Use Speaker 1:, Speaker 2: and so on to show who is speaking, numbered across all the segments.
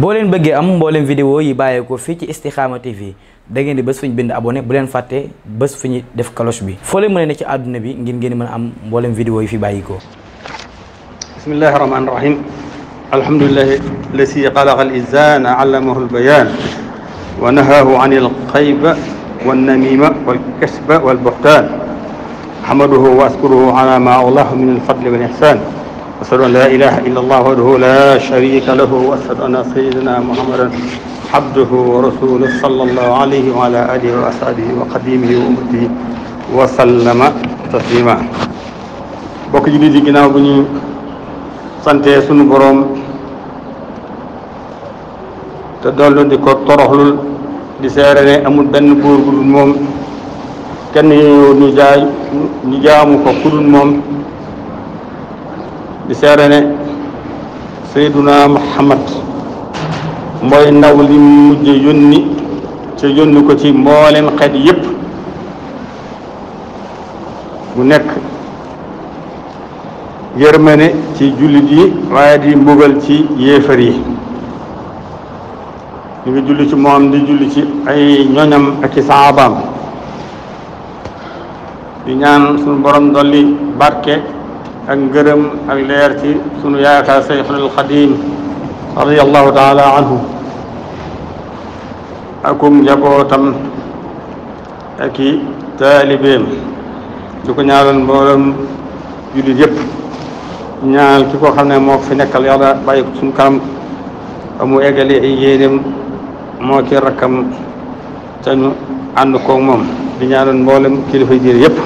Speaker 1: boo leen bëggee am mbooleem vidéo yi bàyyeekoo fii ci Istikhama TV da ngeen di bés fu ñu bind abonné bu leen fàtte bés fu ñu def cloche bi foo leen mën ne ci àdduna bi ngir ngeen mën a am mbooleem vidéo yi fi bàyyikoo bismillahi rahmaani rahim alhamdulillahi lasi xalaqa al-insaana allamahu al wa nahaahu an al-xayba wan wa askuruhu ala maa awlaahu وأشهد أن لا إله إلا الله وحده لا شريك له وأشهد أن سيدنا محمدا عبده ورسوله صلى الله عليه وعلى آله وأصحابه وقديمه وأمته وسلم تسليما bokk ji di ginnaaw bu ñu sante sunu boroom te dollu di ko toroxlul di seere ne amul benn buur bu dul moom kenn yow ñu jaay ñu jaamu ko ku dul moom di seere ne Seyduna Muhammad mooy ndaw li mujj yónni ca yónni ko ci mboolem xeet yépp mu nekk yërmane ci jullit yi waaye di mbugal ci yéefar yi ñu ngi julli ci moom di julli ci ay ñoñam ak i saabaam di ñaan suñu borom dolli barke ak ngërëm ak leer ci sunu yaakaar Seyxul Xadiim radiyallahu taala anhu akum njabootam ak taalibeem du ko ñaanal mbooloom jullit yëpp ñaanal ki ko xam ne moo fi nekkal yàlla bàyyi ko suñu kanam amu eggale ay yéeneem moo ki rakkam te ñu ànd di ñaanal mboolem kilifa diine yëpp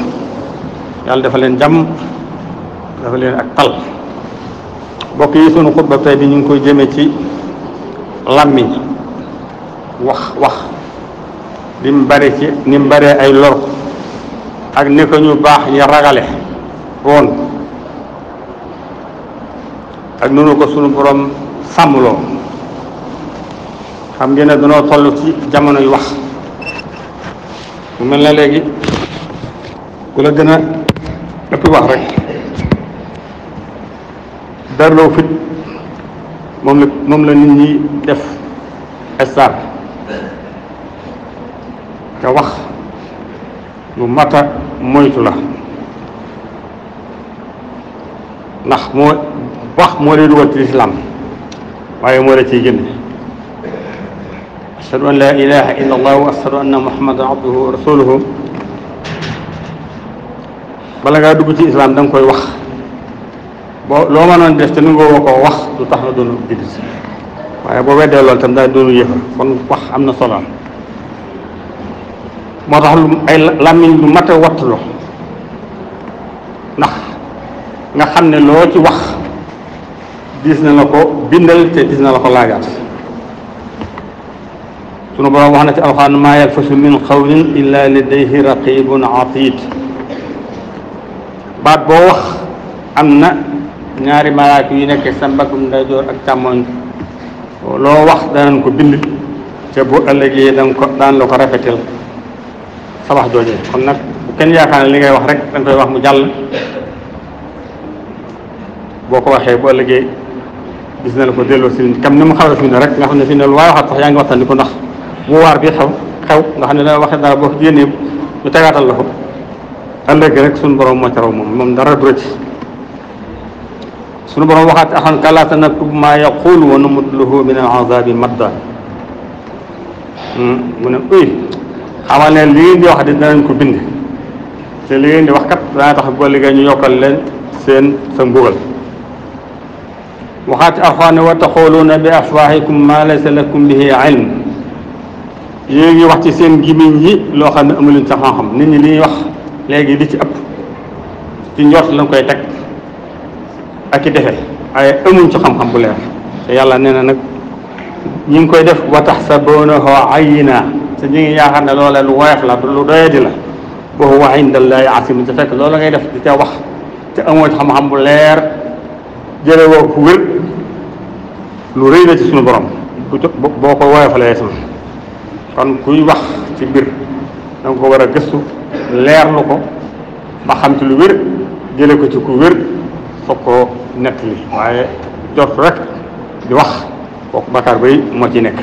Speaker 1: yàlla dafa leen dafa leen ak tal mbokk yi sunu xutba tey bi ñu ngi koy jëmee ci làmmiñ wax wax li mu ci ni mu ay lor ak ni ko ñu baax ñi ragale woon ak nunu ko sunu borom sàmmloo xam ngeen ne danoo toll ci jamono yu wax mu mel na léegi ku la gën a ëpp wax rek perloo fit moom la moom la nit ñi def star te wax lu mata moytu la ndax moo wax moo lay dugal ci lislaam waaye moo la ciy génne ashhadu an laa ilaha illa allah wa ashhadu anna muhammadan abduhu wa rasuluhu bala ngaa dugg ci islaam da nga koy wax boo loo mënoon def te nu nga koo wax du tax na doonu jullit waaye boo weddee loolu tam daa doonu yëfa kon wax am na solo moo tax lu ay làmmiñ lu mat a wattuloo ndax nga xam ne loo ci wax diis na la ko bindal te diis na la ko laagaat sunu boroom wax na ci alxaan maa yalfasu min qawlin illa ladayhi raqibun atid baat boo wax am na ñaari malaaka yi nekk sa mbaggum ndeyjoor ak càmmoñ loo wax danañ ko bind te bu ëllëgee danga ko daan la ko rafetal sa wax kon nag bu kenn yaakaar ne li ngay wax rek danga koy wax mu jàll boo ko waxee bu ëllëgee gis na la ko delloo si kam ni mu xaw a ne rek nga xam ne fi ne lu waaye waxaat sax yaa ngi waxtaan ko ndax mu waar bi xew xew nga xam ne da waxee dara boo ko génnee ñu tegaatal la ko ëllëg rek suñu borom moo ca raw moom dara du rëcc sunu borom waxaat axan kala sanaktub maa yaqul wa numutluhu min al-azabi madda hmm, mu ne uy xamal ne di wax di danañ ko bind te li di wax kat dana tax bu ëllëgee ñu yokkal leen seen sa mbugal waxaat ci alxuraan ne wa taxooluuna bi afwaahikum maa laysa lakum bihi ilm yéen ngi wax ci seen gimiñ yi loo xam ne amuleen sa xam-xam nit ñi li wax léegi li ci ëpp ci njort lañ koy teg ak i defe ay amuñ ci xam-xam bu leer te yàlla nee na nag ñu ngi koy def wa taxsabunahu ayyina te ñu ngi yaakaar ne loolee lu woyof la lu doyadi la wa huwa inda llaahi asiim te fekk loolu ngay def di ca wax te amoo ci xam-xam bu leer jële woo ku wér lu rëy la ci suñu borom boo ko woyofalee sama kon kuy wax ci mbir da ko war a gëstu leerlu ko ba xam ci lu wér jële ko foog koo nettali waaye jot rek di wax kooku bakaar bay moo ci nekk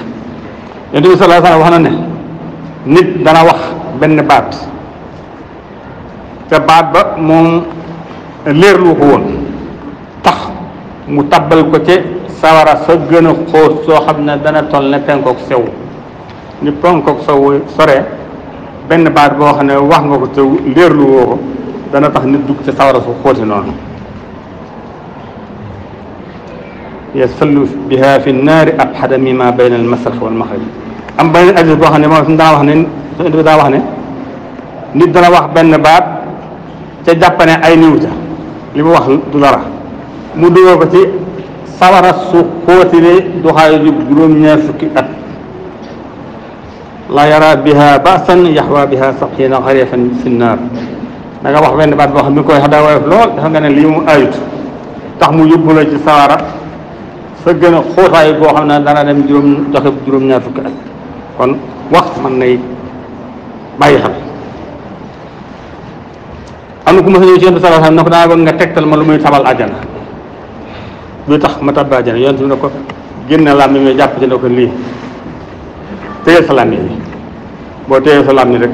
Speaker 1: yonent bi sallallahu alayhi wax na ne nit dana wax benn baat te baat ba moom leerlu ko woon tax mu tabbal ko ci sawara sa gën xóot soo xam ne dana toll ne penkook sew ni penkook sew sore benn baat boo xam ne wax nga ko te leerlu woo ko dana tax nit dugg ci sawara su xóoti noonu yasallu biha fi naari abxada mima bayna al masraq wal maxraj am beneen hadiis boo xam ne moom daa wax ne daa wax ne nit dana wax benn baat ca jàppane ay niw ca li mu wax du dara mu dugal ko ci sawara su xóotile du xaay ju juróom-ñaar fukki at la yara biha basan yaxwa biha saqiina xarifan fi naar da nga wax benn baat boo xam ne mi koy xadaa woyof lool dafa nga ne lii mu ayut tax mu yóbbu la ci sawara sa gën a xóotaay boo xam ne dana dem juróom joxe juróom-ñaar fukki at kon wax mën nay bàyyi xel am na ku ma sa ñëw ci yonent salaa na ko daa bëgg nga tegtal ma lu muy tabal àjjana luy tax ma tabbi àjjana yonent bi ne ko génne làmmi mi jàpp ci ne ko lii téyel sa làmmi bi boo téyel sa làmmi rek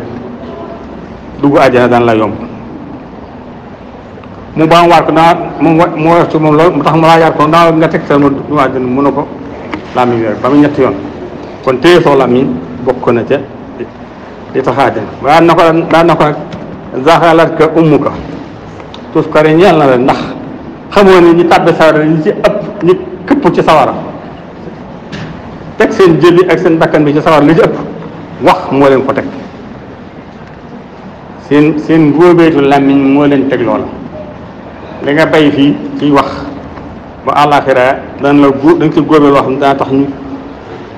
Speaker 1: dugg àjjana daan la yomb mu baam waat ko daa moom mu woyof mu tax mu laajaat ko daa nga teg sa ma mu dina mun na ko làmmiñ yooyu ba mu ñetti yoon kon téye soo làmmiñ bokk na ca li taxaate daan na ko daan na ko zaxalat ka ummu ka tuskare na la ndax xamoo ne ñi tàbbi sawara ñi ci ëpp ñi këpp ci sawara teg seen jëli ak seen bakkan bi ci sawara li ci ëpp wax moo leen ko teg seen seen ngóobeetu làmmiñ moo leen teg loola li nga bay fii ciy wax ba àllaaxira dana la góob danga ci góobee loo xam ne tax ñu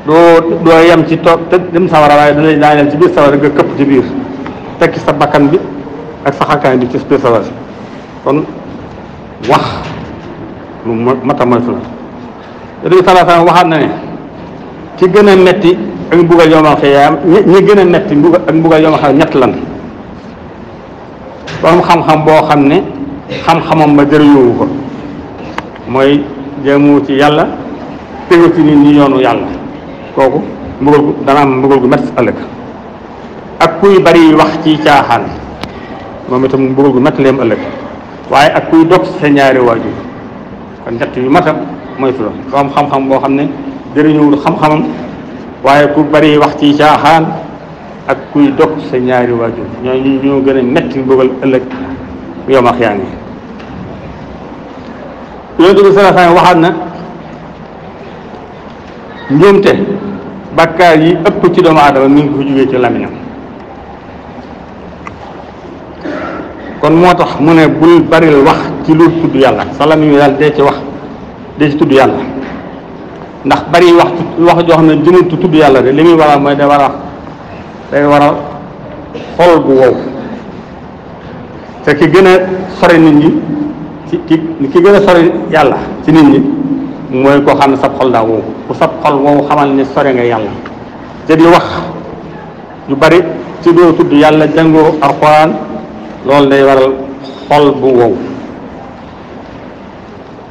Speaker 1: doo doo yam ci toog te dem sawara waaye dana daa yem ci biir sawara nga këpp ci biir te ki sa bakkan bi ak sa xakkaan bi ci biir sawara si kon wax lu mat a moytu la yonent bi sallallahu alayhi waxaat na ne ci gën a metti ak mbugal yoomal xiyaam ñi ñi gën a metti mbugal ak mbugal yoomal xiyaam ñett lan borom xam-xam boo xam ne xam-xamam ba jëriñoowu ko mooy jëmu ci yàlla tegu ci nit ñi yoonu yàlla kooku mbugal gu dana am mbugal gu met ëllëg ak kuy bari wax ci caaxaan moom itam mbugal gu met leem ëllëg waaye ak kuy dog sa ñaari waajur kon ñett yu matam mooy turam ku am xam-xam boo xam ne jëriñuwul xam-xamam waaye ku bari wax ci caaxaan ak kuy dog sa ñaari waajur ñoo ñu ñoo gën a metti mbugal ëllëg yowmal xiyaam yi yonent bi sallallahu waxaat na njuumte bakkaar yi ëpp ci doomu aadama mi ngi ko jógee ci làmmiñam kon moo tax mu ne bul baril wax ci lu tudd yàlla sa làmmiñ daal ci wax dee ci tudd yàlla ndax bari wax wax joo na ne jëmut tudd yàlla de li muy waral mooy day war a day xol bu wow te ki gën a nit ñi ci ki ki gën a sori yàlla ci nit ñi mooy ko xam ne sab xol daa wow ku sab xol wow xamal ne sori nga yàlla te wax yu bari ci doo tudd yàlla jàngoo alxuraan loolu day waral xol bu wow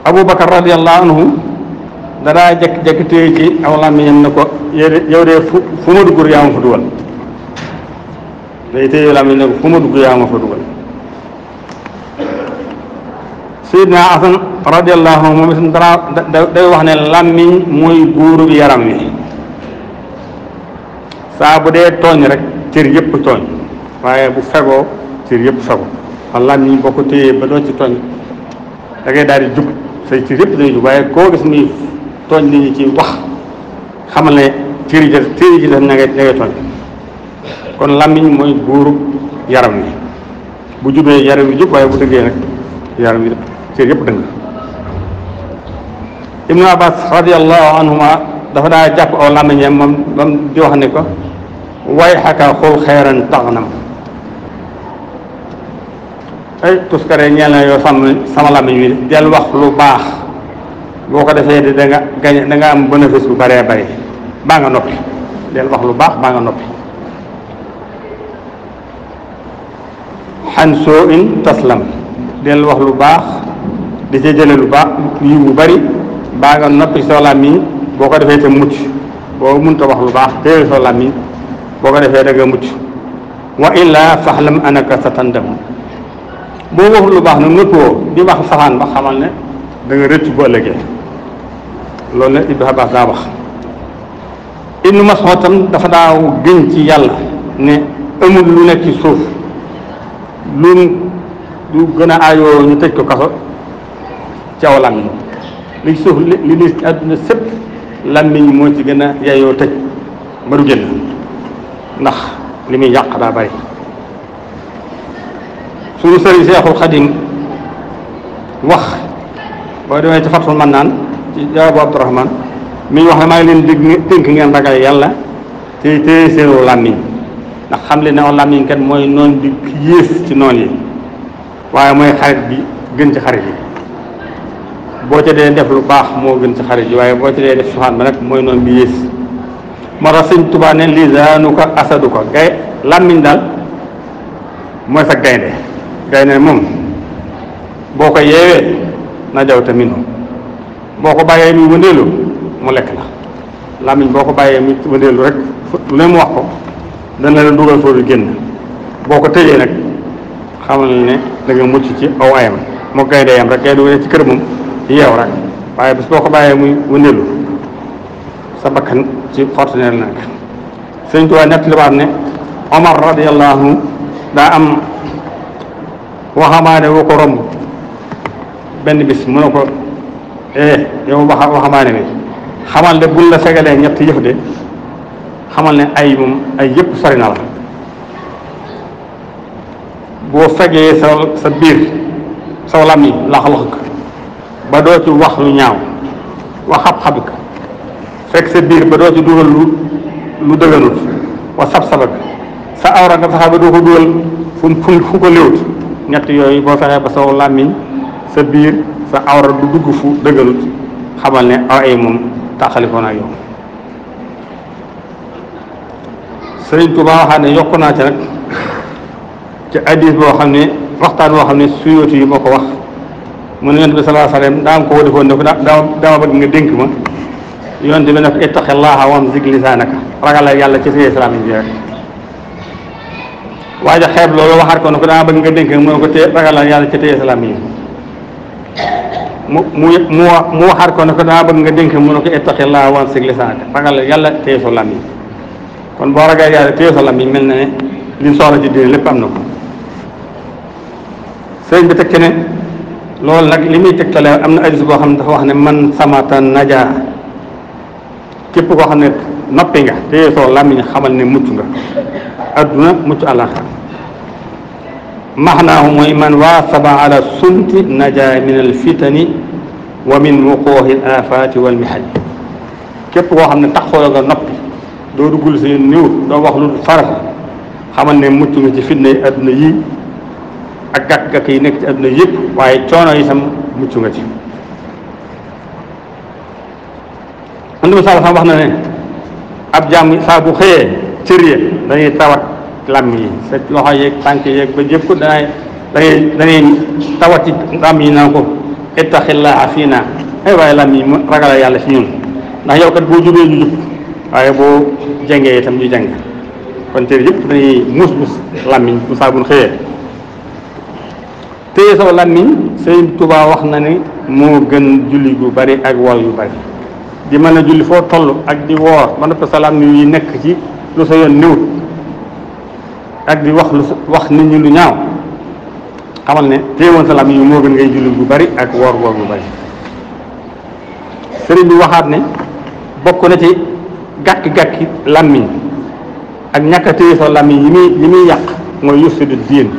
Speaker 1: abu bakar radiallahu anhu danaa jekk-jekk téye ci aw làmmiñam ne ko yow de fu fu ma dugg yaa ma fa dugal day téye làmmiñ ne fu ma dugg yaa ma dugal Seydina Asan radiyallahu anhu moom itam dara day wax ne làmmiñ mooy guurub yaram wi saa bu dee tooñ rek cër yëpp tooñ waaye bu fegoo cër yëpp fegoo xam làmmiñ boo ko téyee ba doo ci tooñ daal di jub say cër yëpp dañuy jub waaye koo gis muy tooñ nit ci wax xamal ne cër yi cër yi def na ngay na ngay tooñ kon làmmiñ mooy guurub yaram wi bu jubee yaram wi jub waaye bu dëggee nag yaram wi dëpp cër yëpp dëng ibnu abbas radiallahu anhuma dafa daa jàpp aw làmmiñam moom moom di wax ni ko way xaka xul xeeran taxnam ay tuskare ñeel na yow sama sama làmmiñ wi del wax lu baax boo ko defee di da nga gañ da nga bu bëree bëri baa nga noppi del wax lu baax baa nga noppi xan in taslam del wax lu baax di cee jëlee lu baax yu bu bari baa nga noppi soxlaa mi boo ko defee te mucc boo mënta wax lu baax téye soxlaa mi boo ko defee da nga mucc wa illaa faxlam anaka satandam boo waxul lu baax nag nëppoo di wax safaan ba xamal ne da nga rëcc bu ëllëgee loolu la Ibnu Abbas daa wax Ibnu Mas'ud tam dafa daa gën ci yàlla ne amul lu nekk ci suuf lu du gën a aayoo ñu tëj ko kaso ci aw làmmiñ li suuf li diis ci àdduna sëpp làmmiñ moo ci gën a yayoo tëj ba du génn ndax li muy yàq daa bari suñu sëriñ Seexul Xadim wax boo demee ci Fatul Mannaan ci jawaabu Abdurahmaan mi wax ne maa leen dégg tënk ngeen ragal yàlla te téye seenu làmmiñ ndax xam leen ne aw làmmiñ kat mooy noon bi yées ci noon yi waaye mooy xarit bi gën ci xarit yi boo ca dee def lu baax moo gën ci xarit yi waaye boo ca dee def suxaan ba nag mooy noonu bi yées moo tax sëñ Tuubaa ne lisaanu ko asadu ko gay làmmiñ daal mooy sa gaynde gaynde moom boo ko yeewee na jaw boo ko bàyyee mu wëndeelu mu lekk la làmmiñ boo ko bàyyee mu wëndeelu rek lu mu wax ko dana la dugal foofu génn boo ko tëjee nag xamal ne da nga mucc ci aw ayam moo gaynde yam rek gaynde wu ci kër moom yeew rek waaye bis boo ko bàyyee muy wëndeelu sa bakkan ci fortunel nag sëñ Tuubaa ñett libaat ne Omar radiyallahu daa am waxamaane woo ko romb benn bis mu ne ko eh yow waxamaane mi xamal de buñ la segalee ñett yëf de xamal ne ay moom ay yëpp sori la boo fegee sa sa biir saw lam yi laxa lax ba doo ci wax lu ñaaw wa xab-xabika fekk sa biir ba doo ci dugal lu lu dëgënul wa sab-sabak sa awra nga fexe ba doo ko dugal fu fu ko léwut ñett yooyu boo fexee ba saw làmmiñ sa biir sa awra du dugg fu dëgënut xamal ne aw ay moom taxalikoo naa yow sëriñ ne yokku naa ci nag ci hadiis boo xam ne waxtaan boo xam ne suyooti yi moo ko wax mu ne yonent bi sallallahu alayhi wa sallam daa am nga dénk ma yonent bi ne ko ittaqillaha wamsik yàlla ci sa salaam bi rek waaye ja xeeb loolu ko ne ko nga dénk mu ko te ragalal yàlla ci téye salaam yi mu mu nga dénk mu ko ittaqillaha wamsik lisaanaka ragalal yàlla téye kon boo ragal yàlla téye sa salaam yi mel na ne li soxla ci diine lépp am na ko sëriñ bi teg ci loolu nag li muy tegtale am na hadis boo xam ne dafa wax ne man samata najaa képp koo xam ne noppi nga téye soo làmmiñ xamal ne mucc nga adduna mucc àllaxa maxnaahu mooy man waasaba ala sumti naja min al fitani wa min wuquuhi al afaati koo xam ne tax soo nga noppi doo duggul si doo wax lu farata xamal ne mucc nga ci fitna yi adduna gàkk yi nekk ci na yëpp waaye coono itam mucc nga ci man dama wax na ne ab jaam saa bu xëyee cër ya dañuy tawat làmm yi sa loxo yeeg tànk yeeg ba jëpp ko danay tawat ci làmm yi naan ko ittaxillaa fii naa ay waaye làmm yi yàlla ci ñun ndax yow kat jubee ñu jub waaye boo jengee itam ñu jeng kon cër yëpp dañuy muus muus làmmiñ bu saa xëyee téye saw làmmiñ sëñ Tuubaa wax na ni moo gën julli bu bari ak wor yu bari di mën a julli foo toll ak di woor ba noppi sa làmmiñ yi nekk ci lu sa yoon néwut ak di wax lu wax nit ñi lu ñaaw xamal ne téye woon sa làmmiñ moo gën ngay julli gu bari ak woor woor gu bari sëriñ bi waxaat ne bokk na ci gàkk-gàkki làmmiñ ak ñàkk a téye làmmiñ yi muy yàq muy yàq mooy yusidu diin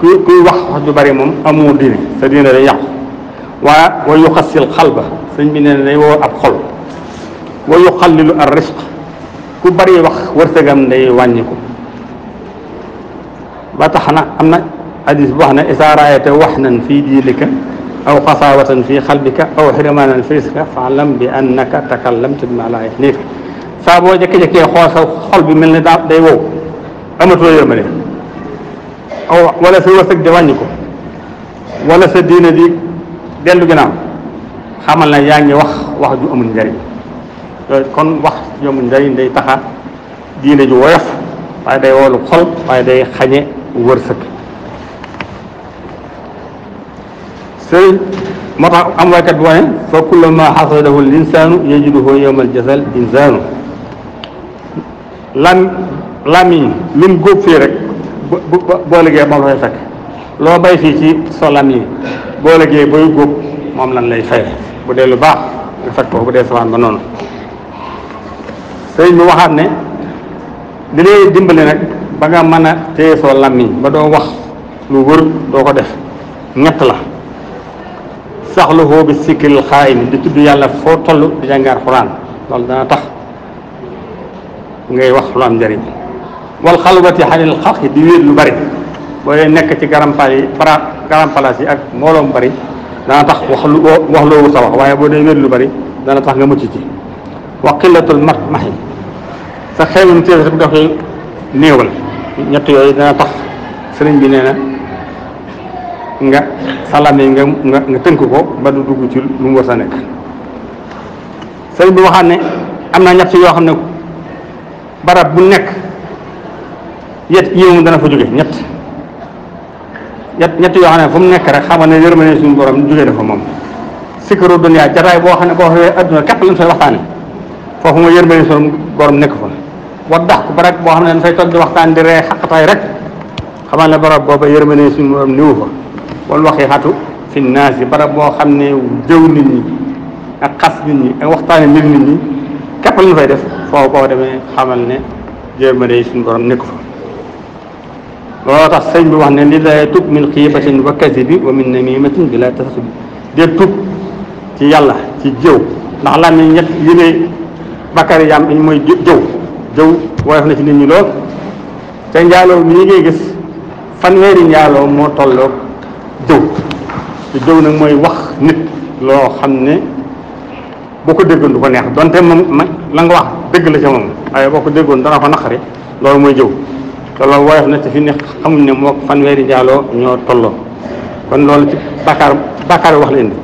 Speaker 1: kuy kuy wax wax ju bari moom amoo diine sa diine day yàqu waa wa yuxasil xalba sëñ bi nee na day woo ab xol wa yuxallilu ar risq ku bari wax wërsëgam day wàññi ko ba tax na am na hadis bu wax ne isa raayata wax nan fii diinika aw xasaawatan fii xalbika aw xirmaanan fii riska faalam bi annaka takallamta bimaa laa yahniika saa boo jékki-jékkee xool sa xol bi mel ni daa day wow amatoo yërmande aw wala sa wërsëg di wàññi ko wala sa diina di dellu ginnaaw xamal na yaa ngi wax wax ju amul njariñ kon wax ju amul njariñ day taxa diine ju woyof waaye day woolu xol waaye day xañe wërsëg sëriñ moo tax am waykat bi wane fa kullama xasadahu linsaanu yajiduhu yowmal jasal insaanu lam lamiñ lu mu góob rek bu boo liggéey moom lay fekk loo bay fii ci solam yi boo liggéey booy góob moom lan lay fay bu dee lu baax nga fekk ko bu dee sawaan ba noonu sëriñ bi waxaat ne di lay dimbali nag ba nga mën a téye soo làmmiñ ba doo wax lu wër doo ko def ñett la sax xoo bi sikkil xaayim di tudd yàlla foo toll di jàngaar xuraan loolu dana tax ngay wax lu njariñ wal xalwati xanil xaq di wéet lu bari booy nekk ci garam pal yi garam palaas yi ak mbooloo mu bari dana tax wax wax loo wut waaye boo dee wéet lu bari dana tax nga mucc ci wax qillatul mat maxi sa xeewum téef rek da koy néewal ñett yooyu dana bi nee na nga salaam yi nga nga nga tënk ko ba du dugg ci lu mu war sa nekk sëriñ bi waxaat ne am na ñett yoo xam ne barab bu nekk yet yiw mu dana fa jóge ñett ñett yoo xam ne fu mu nekk rek xam ne yërmande suñu borom jóge na fa moom sikkaru dunya jataay boo xam ne boo xoolee adduna képp lañ fay waxtaane foofu mooy yërmande suñu borom nekk fa war dax ko ba rek boo xam ne dañ fay toog di waxtaan di ree xaqataay rek xamal ne barab booba yërmande suñu borom niwu fa wala waxi xatu fi naas yi barab boo xam ne jëw nit ñi ak xas nit ñi ak waxtaane mbir nit ñi képp lañ fay def foofu boo demee xamal ne yërmande suñu borom nekk fa looloo tax sëñ bi wax ne nit la tub min xiibatin wa kasibi wa min namimatin bi la tasasubi dee tub ci yàlla ci jëw ndax lan mi ñett yi ne bakkar mooy jëw jëw woyof na ci nit ñi lool te ngay gis fanweeri njaaloo moo tolloog jëw jëw nag mooy wax nit loo xam ne boo ko déggoon du ko neex donte moom la nga wax dëgg la ca moom waaye boo ko déggoon dana ko naqari loolu mooy jëw te loolu woyof na te fi ne xamuñ ne moo fanweeri njaaloo ñoo tolloo kon loolu ci bàkkaar bàkkaar wax la indi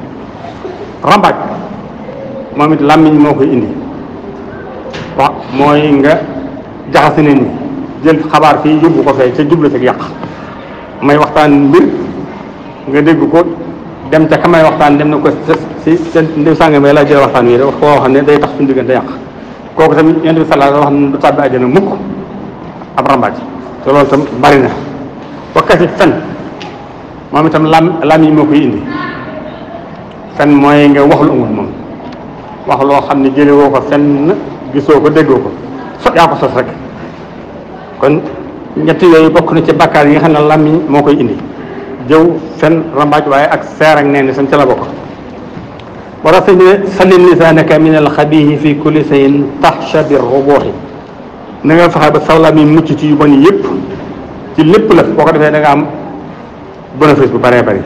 Speaker 1: rambaaj moom it làmmiñ moo koy indi wa mooy nga jaxase ne ni jël xabaar fii yóbbu ko fee ca jublu ca yàq may waxtaan mbir nga dégg ko dem ca kamay waxtaan dem na ko si sa ndiw sànga may laa jël waxtaan wi rek koo xam ne day tax suñu diggante yàq kooku tamit yonent bi sallallahu alayhi wax na du tàbbi àjjana mukk ab rambaaj te loolu itam bari na wakkati fen moom itam lam làmmiñ moo koy indi fen mooy nga wax lu amul moom wax loo xam ne jële woo ko fenn gisoo ko déggoo ko so yaa ko sos rek kon ñett yooyu bokk na ci bakkaar yi nga xam ne làmmiñ moo koy indi jëw fen rambaaj waaye ak seer ak neen sam ca la bokk wara ni ne salim lisaanaka min alxabihi fi kulli sayin taxsha bi rubuuxi na nga fexe ba saw làmmiñ mucc ci yu bon yëpp lépp la boo ko defee da nga am bénéfice bu bëree bëri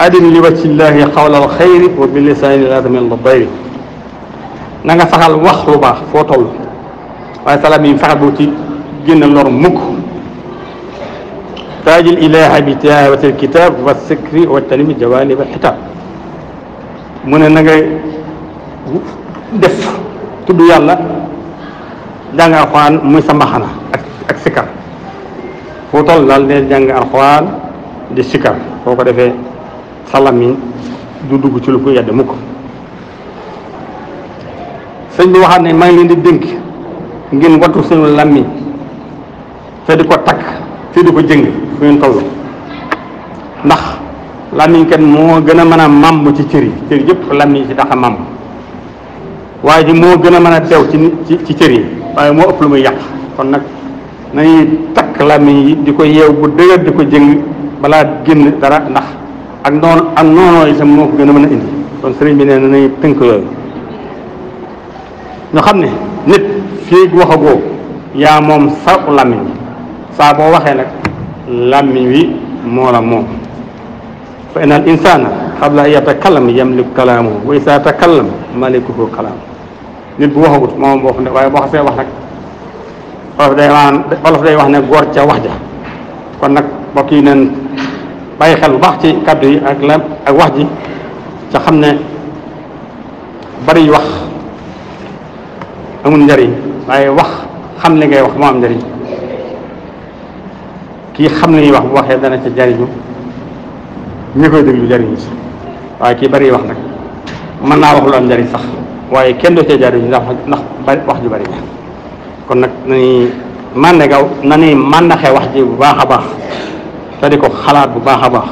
Speaker 1: adin li wajhillaahi xawlal xayri wa bi lisaani laazimi la dayri na nga saxal wax lu baax foo toll waaye salaam yi fexal bu ci génn lor mukk taajil ilaaha bi kitaab wa sikri wa tanimi jawaanib xitaab mu ne na ngay def tudd yàlla jàng alxuraan muy sa mbaxana ak ak foo toll daal ne jàng alxuraan di sikkar boo ko defee salam yi du dugg ci lu ko yedd mukk sëñ bi waxaat ne maa ngi leen di dénk ngeen wattu suñu làmmiñ te di ko takk te di ko jëng fu ngeen toll ndax làmmiñ kenn moo gën a mën a màmm ci cër yi cër yëpp làmmiñ ci tax a màmm waaye ji moo gën a mën a teew ci ci cër yi waaye moo ëpp lu muy yàq kon nag nañuy takk làmmiñ yi di ko yeew bu dëgër di ko jëng balaa génn dara ndax ak noonu ak noonoo itam moo ko gën a mën sëriñ bi nee na nañuy tënk yooyu ñu xam ne nit fii waxagoo yaa moom sa làmmiñ saa boo waxee nag làmmiñ wi moo la moom fa inna al insana qabla an yatakallam yamliku kalaamuhu wa isa takallam malikuhu kalaamuhu nit bu waxagut moom bopp ne waaye boo xasee wax nag wolof day wax ne góor ca wax ja kon nag mbokk yi neen bàyyi xel bu baax ci kàddu yi ak la ak wax ji ca xam ne bari wax amul njariñ waaye wax xam li ngay wax moo am njariñ kii xam li ñuy wax bu waxee dana ci jariñu ñi koy déglu jariñu si waaye kii bari wax nag mën naa wax lu am njariñ sax waaye kenn doo cee jaariñu ndax ndax wax ju bari ja kon nag nañuy mànne gaw nañuy mànnaxee wax ji bu baax a baax te di ko xalaat bu baax a baax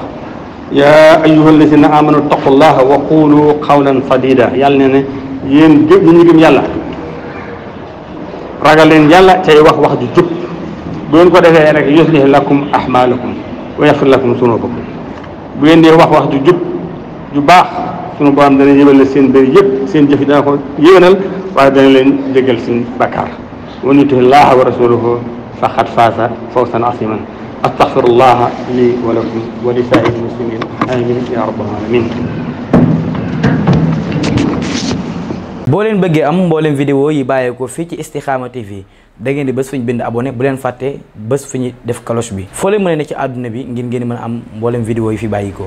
Speaker 1: yaa ayyuha allazina amanu taqullaha wa qulu qawlan sadida yàlla ne ne yéen gëm ñu gëm yàlla ragal leen yàlla tey wax wax ju jub bu ngeen ko defee rek yuslih lakum ahmalakum wa yaxfir lakum sunubakum bu ngeen dee wax wax ju jub ju baax sunu borom dana yëwén la seen bëri dana ko yëwénal waaye dana leen jégal seen bakkaar man yuti llaaha wa rasulahu faqad faaza fawzan aziman astaghfirullaha li wa lakum wa li amin ya rabbal alamin boo leen bëggee am mbooleem vidéo yi bàyyeekoo fii ci Istikhama TV da ngeen di bés fu ñu bind abonné bu leen fàttee bés fu ñu def cloche bi foo leen mën ne ci àdduna bi ngir ngeen mën a am mbooleem vidéo yi fi bàyyikoo